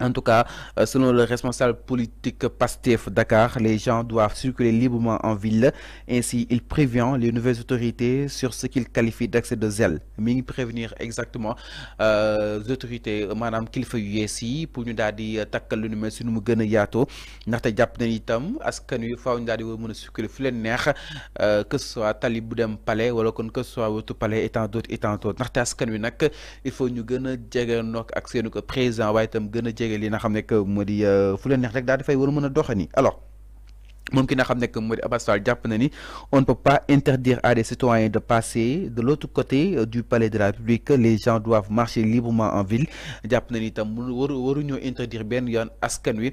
En tout cas, euh, selon le responsable politique PASTEF Dakar, les gens doivent circuler librement en ville. Ainsi, il prévient les nouvelles autorités sur ce qu'il qualifie d'accès de zèle. Mais prévenir exactement euh, les autorités, madame Kilfa Yessi, pour nous dadi euh, takal lu mel sunu mu gëna nous ndaxte japp nañ itam askan wi faaw ñu dadi wër mëna circuler fu leen neex euh, que ce soit talibou bu dem palais ou kon que ce soit votre palais et tant d'autres et tant d'autres ndaxte askan wi nak il faut ñu gëna jégué ak président gëna li nga xam nekk moo euh, fu neex rek dafay war meuna doxani alors mom ki nga xam nekk moo di na ni on ne peut pas interdire à des citoyens de passer de l'autre côté euh, du palais de la République les gens doivent marcher librement en ville japp na ni itam waru ñu interdire ben yon askan wi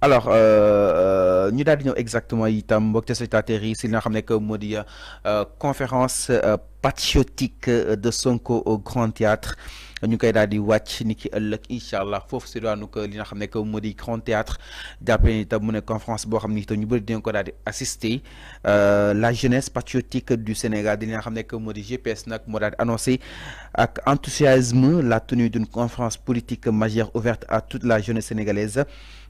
alors nous euh, euh, daal exactement itam mbokk téléspectateurs yi si nga que euh, conférence patriotique de Sonko au Grand Théâtre Nous allons daal Watch niki ni inshallah fofu ci allah foofu si que li nga xam que Grand Théâtre d'après itam mu ne conférence bo xam ñu bëri ko daal assister la jeunesse patriotique du Sénégal di li nga xam que modi GPS nak mo daal annoncé ak enthousiasme la tenue d'une conférence politique majeure ouverte à toute la jeunesse sénégalaise.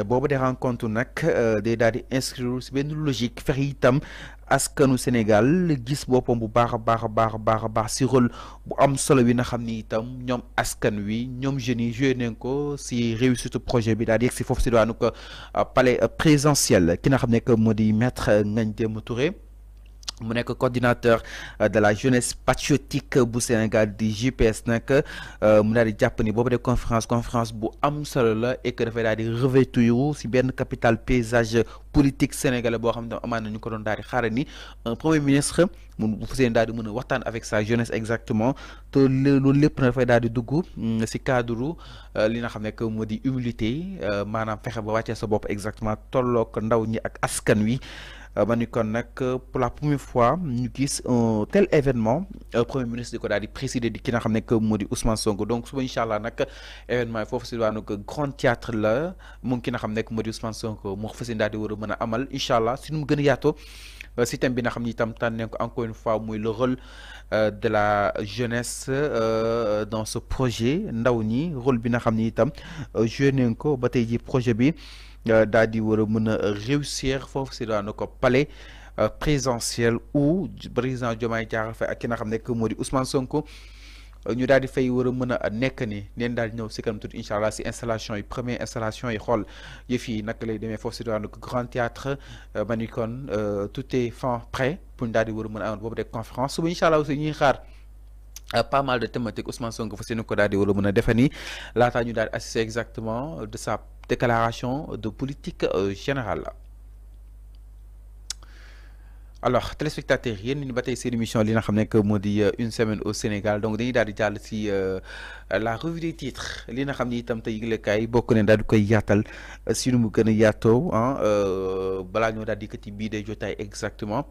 bobu de rencontre nak euh, des daal inscrire si ben logique fexe itam askanu Sénégal gis bopom bu baax a baax a baax a rôle bu am solo wi na xamni ni itam askan wi ñom jeunes yi ko si réussite projet bi daal ci fofu ci foofu si palais euh, présentiel ki na xamne que modi maître Ngagne dem Touré mu coordinateur euh, de la jeunesse patriotique bu Sénégal di JPS nag euh, mu daal di ni bobu de conférence conférence bu am solo la et que dafa daal di revêtir si ben capital paysage politique sénégalais bo xam amana ñu ko don daal di ni un premier ministre mu bu seen daal di avec sa jeunesse exactement to loolu lepp na fay daal di dugg si mm, cadre euh, li nga xam ne que humilité manam fexé ba wàccee sa bop exactement tollook ndaw ñi ak askan wi ma euh, ni euh, pour la première fois ñu gis un tel événement euh, premier ministre de ko daal di présider di ki nga xam que Ousmane Sonko donc suba nak événement yi foofu si waanu grand théâtre là mu ngi ki nga xam ne que moo Ousmane Sonko moo fa si daal di amal Inshallah si nous mu gën a yaatoo bi nga xam ne encore une fois le rôle de la jeunesse dans ce projet ndaw ñi rôle bi nga xamni tam itam ko ba ji projet bi. Euh, daal wara war réussir fofu si daanu ko palais euh, présidentiel ou président Diomaye Diakhar fa ak ki nga xam ne moo Ousmane Sonko euh, ñu daal fay wara a nek ni neen daal di ñëw si kanam tuuti incha allah installation yi première installation yi xol yëf nak lay démé fofu si daanu ko grand théâtre ma tout est fin prêt pour ñu wara di war a mën rek conférence suba inshallah aussi ñi xaar. Euh, pas mal de thématiques Ousmane Sonko fa seeni ko daal di war a mën a defe ni ñu daal assister exactement de sa déclaration de politique euh, générale alors téléspectateurs spectateurs, ñu batay tey seen émission li nga xamné que modi euh, une semaine au Sénégal donc dañuy daal di jàll si la revue des titres li nga xamni ni tay tey kay bokk né daal di koy si nu mu gëna yato yaatoo ah balaa ñoo daal di kat yi bi day jotay exactement